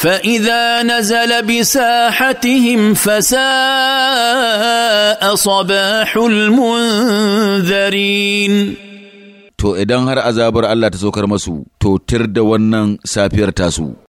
فاذا نزل بساحتهم فساء صباح المنذرين to idan har azabar Allah ta saukar masu to tir da wannan safiyar tasu